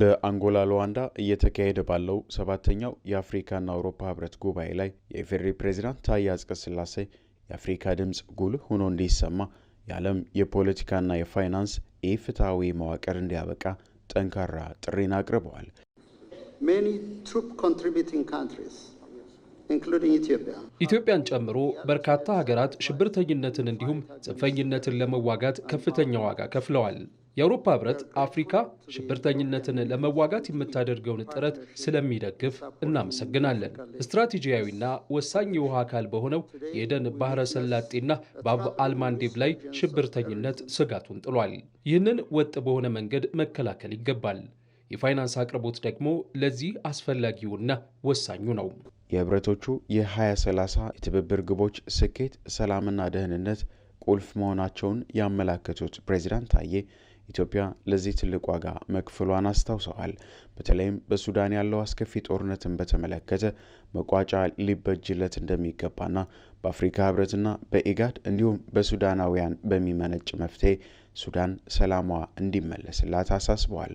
በአንጎላ ሉዋንዳ እየተካሄደ ባለው ሰባተኛው የአፍሪካና አውሮፓ ህብረት ጉባኤ ላይ የኢፌዴሪ ፕሬዚዳንት ታዬ አጽቀሥላሴ የአፍሪካ ድምፅ ጉልህ ሆኖ እንዲሰማ የዓለም የፖለቲካና የፋይናንስ ኢፍትሐዊ መዋቅር እንዲያበቃ ጠንካራ ጥሪን አቅርበዋል። ኢትዮጵያን ጨምሮ በርካታ ሀገራት ሽብርተኝነትን እንዲሁም ጽንፈኝነትን ለመዋጋት ከፍተኛ ዋጋ ከፍለዋል። የአውሮፓ ህብረት አፍሪካ ሽብርተኝነትን ለመዋጋት የምታደርገውን ጥረት ስለሚደግፍ እናመሰግናለን። ስትራቴጂያዊና ወሳኝ የውሃ አካል በሆነው የኤደን ባህረ ሰላጤና በአብ አልማንዴብ ላይ ሽብርተኝነት ስጋቱን ጥሏል። ይህንን ወጥ በሆነ መንገድ መከላከል ይገባል። የፋይናንስ አቅርቦት ደግሞ ለዚህ አስፈላጊውና ወሳኙ ነው። የህብረቶቹ የ2030 የትብብር ግቦች ስኬት ሰላምና ደህንነት ቁልፍ መሆናቸውን ያመላከቱት ፕሬዚዳንት ታዬ ኢትዮጵያ ለዚህ ትልቅ ዋጋ መክፈሏን አስታውሰዋል። በተለይም በሱዳን ያለው አስከፊ ጦርነትን በተመለከተ መቋጫ ሊበጅለት እንደሚገባና በአፍሪካ ህብረትና በኢጋድ እንዲሁም በሱዳናውያን በሚመነጭ መፍትሄ ሱዳን ሰላሟ እንዲመለስላት አሳስበዋል።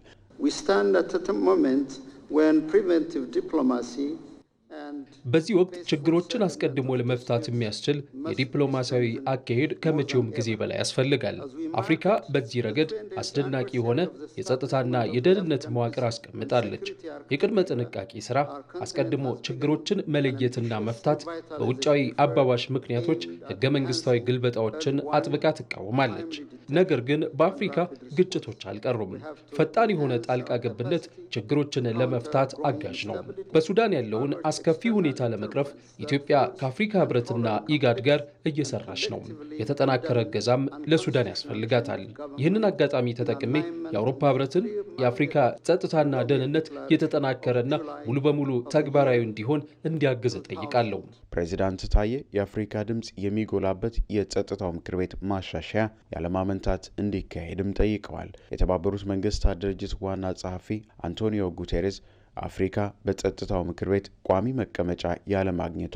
በዚህ ወቅት ችግሮችን አስቀድሞ ለመፍታት የሚያስችል የዲፕሎማሲያዊ አካሄድ ከመቼውም ጊዜ በላይ ያስፈልጋል። አፍሪካ በዚህ ረገድ አስደናቂ የሆነ የጸጥታና የደህንነት መዋቅር አስቀምጣለች። የቅድመ ጥንቃቄ ስራ አስቀድሞ ችግሮችን መለየትና መፍታት፣ በውጫዊ አባባሽ ምክንያቶች ህገ መንግስታዊ ግልበጣዎችን አጥብቃ ትቃወማለች። ነገር ግን በአፍሪካ ግጭቶች አልቀሩም። ፈጣን የሆነ ጣልቃ ገብነት ችግሮችን ለመፍታት አጋዥ ነው። በሱዳን ያለውን አስ አስከፊ ሁኔታ ለመቅረፍ ኢትዮጵያ ከአፍሪካ ህብረትና ኢጋድ ጋር እየሰራች ነው። የተጠናከረ እገዛም ለሱዳን ያስፈልጋታል። ይህንን አጋጣሚ ተጠቅሜ የአውሮፓ ህብረትን የአፍሪካ ጸጥታና ደህንነት የተጠናከረና ሙሉ በሙሉ ተግባራዊ እንዲሆን እንዲያግዝ እጠይቃለሁ። ፕሬዚዳንት ታዬ የአፍሪካ ድምፅ የሚጎላበት የጸጥታው ምክር ቤት ማሻሻያ ያለማመንታት እንዲካሄድም ጠይቀዋል። የተባበሩት መንግስታት ድርጅት ዋና ጸሐፊ አንቶኒዮ ጉቴሬስ አፍሪካ በጸጥታው ምክር ቤት ቋሚ መቀመጫ ያለማግኘቷ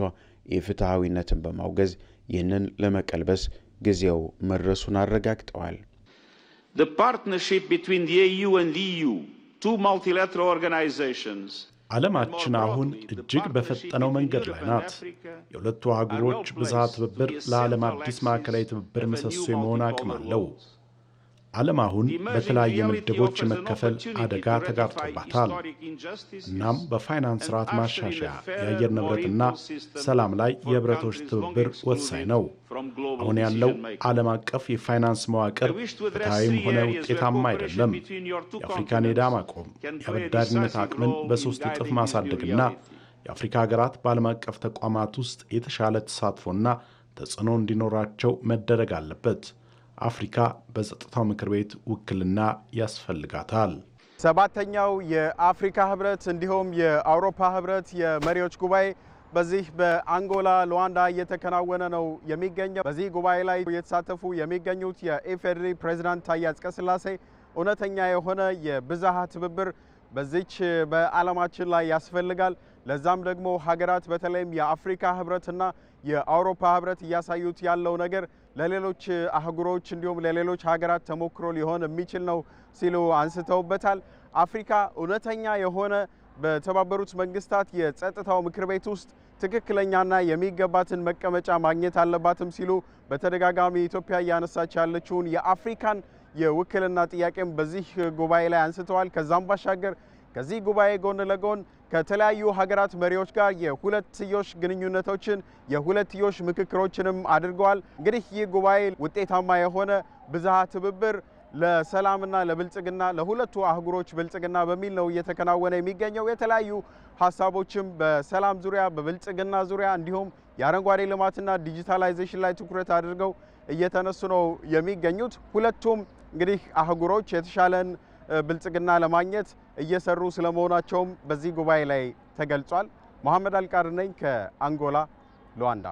የፍትሐዊነትን በማውገዝ ይህንን ለመቀልበስ ጊዜው መድረሱን አረጋግጠዋል። e ዓለማችን አሁን እጅግ በፈጠነው መንገድ ላይ ናት። የሁለቱ አህጉሮች ብዝሃ ትብብር ለዓለም አዲስ ማዕከላዊ ትብብር ምሰሶ የመሆን አቅም አለው። ዓለም አሁን በተለያየ ምድቦች የመከፈል አደጋ ተጋርጦባታል። እናም በፋይናንስ ስርዓት ማሻሻያ፣ የአየር ንብረትና ሰላም ላይ የህብረቶች ትብብር ወሳኝ ነው። አሁን ያለው ዓለም አቀፍ የፋይናንስ መዋቅር ፍትሐዊም ሆነ ውጤታማ አይደለም። የአፍሪካን ዕዳ ማቆም፣ የአበዳሪነት አቅምን በሦስት እጥፍ ማሳደግና የአፍሪካ ሀገራት በዓለም አቀፍ ተቋማት ውስጥ የተሻለ ተሳትፎና ተጽዕኖ እንዲኖራቸው መደረግ አለበት። አፍሪካ በጸጥታው ምክር ቤት ውክልና ያስፈልጋታል። ሰባተኛው የአፍሪካ ህብረት እንዲሁም የአውሮፓ ህብረት የመሪዎች ጉባኤ በዚህ በአንጎላ ሉዋንዳ እየተከናወነ ነው የሚገኘው። በዚህ ጉባኤ ላይ እየተሳተፉ የሚገኙት የኢፌዴሪ ፕሬዚዳንት ታዬ አጽቀሥላሴ እውነተኛ የሆነ የብዝሃ ትብብር በዚች በዓለማችን ላይ ያስፈልጋል ለዛም ደግሞ ሀገራት በተለይም የአፍሪካ ህብረትና የአውሮፓ ህብረት እያሳዩት ያለው ነገር ለሌሎች አህጉሮች እንዲሁም ለሌሎች ሀገራት ተሞክሮ ሊሆን የሚችል ነው ሲሉ አንስተውበታል። አፍሪካ እውነተኛ የሆነ በተባበሩት መንግስታት የጸጥታው ምክር ቤት ውስጥ ትክክለኛና የሚገባትን መቀመጫ ማግኘት አለባትም ሲሉ በተደጋጋሚ ኢትዮጵያ እያነሳች ያለችውን የአፍሪካን የውክልና ጥያቄም በዚህ ጉባኤ ላይ አንስተዋል። ከዛም ባሻገር ከዚህ ጉባኤ ጎን ለጎን ከተለያዩ ሀገራት መሪዎች ጋር የሁለትዮሽ ግንኙነቶችን የሁለትዮሽ ምክክሮችንም አድርገዋል። እንግዲህ ይህ ጉባኤ ውጤታማ የሆነ ብዝሃ ትብብር ለሰላምና ለብልጽግና ለሁለቱ አህጉሮች ብልጽግና በሚል ነው እየተከናወነ የሚገኘው። የተለያዩ ሀሳቦችም በሰላም ዙሪያ፣ በብልጽግና ዙሪያ እንዲሁም የአረንጓዴ ልማትና ዲጂታላይዜሽን ላይ ትኩረት አድርገው እየተነሱ ነው የሚገኙት። ሁለቱም እንግዲህ አህጉሮች የተሻለን ብልጽግና ለማግኘት እየሰሩ ስለመሆናቸውም በዚህ ጉባኤ ላይ ተገልጿል። መሐመድ አልቃር ነኝ ከአንጎላ ሉዋንዳ